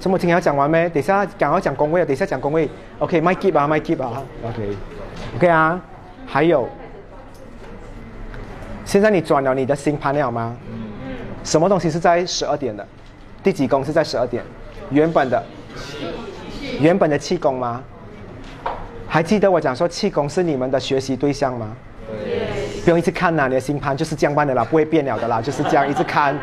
咁今天要講完咩？等下講下講宮位等下講講宮位。OK，m、okay, g i 記啊，m g i 記啊。OK。Okay. OK 啊，還有，現在你轉了你的星盤了嗎、嗯？什麼東西是在十二點的？第幾宮是在十二點？原本的。七原本的七宮嗎？還記得我講說七宮是你們的學習對象嗎對？不用一直看啦、啊，你的星盤就是這樣的啦，不會變了的啦，就是這樣一直看。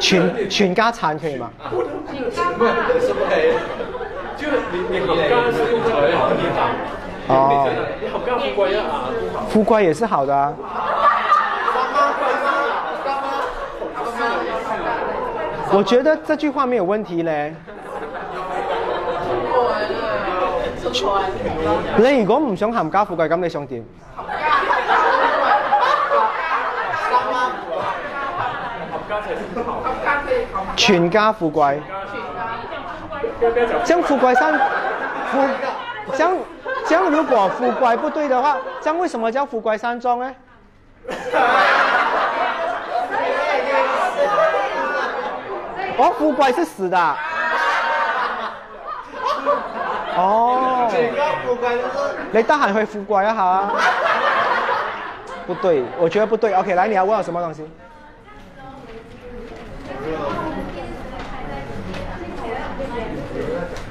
全全家鏟，可以嘛？唔係，就你你家是好啲法。哦，富貴也是好的啊。我覺得這句話沒有問題咧。你如果唔想含家富貴，咁你想點？全家富貴，將富貴山富將 如果富貴不對的話，將為什麼叫富貴山莊呢？哦，富貴是死的、啊。哦。你得閒去富貴一下啊？不對，我覺得不對。OK，來，你要問我什麼東西？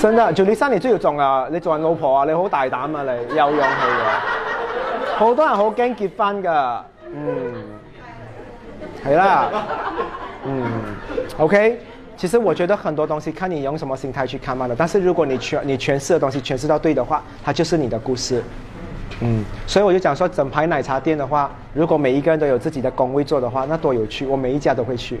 真的，做你三年最有種啊！你做人老婆啊，你好大膽啊！你有勇氣啊！ 好多人好驚結婚㗎，嗯，係 是啦， 嗯，OK。其實我覺得很多東西看你用什麼心態去看嘛啦。但是如果你詮你詮釋嘅東西詮釋到對的話，它就是你的故事。嗯，所以我就講說整排奶茶店的話，如果每一個人都有自己的工位做的話，那多有趣！我每一家都會去。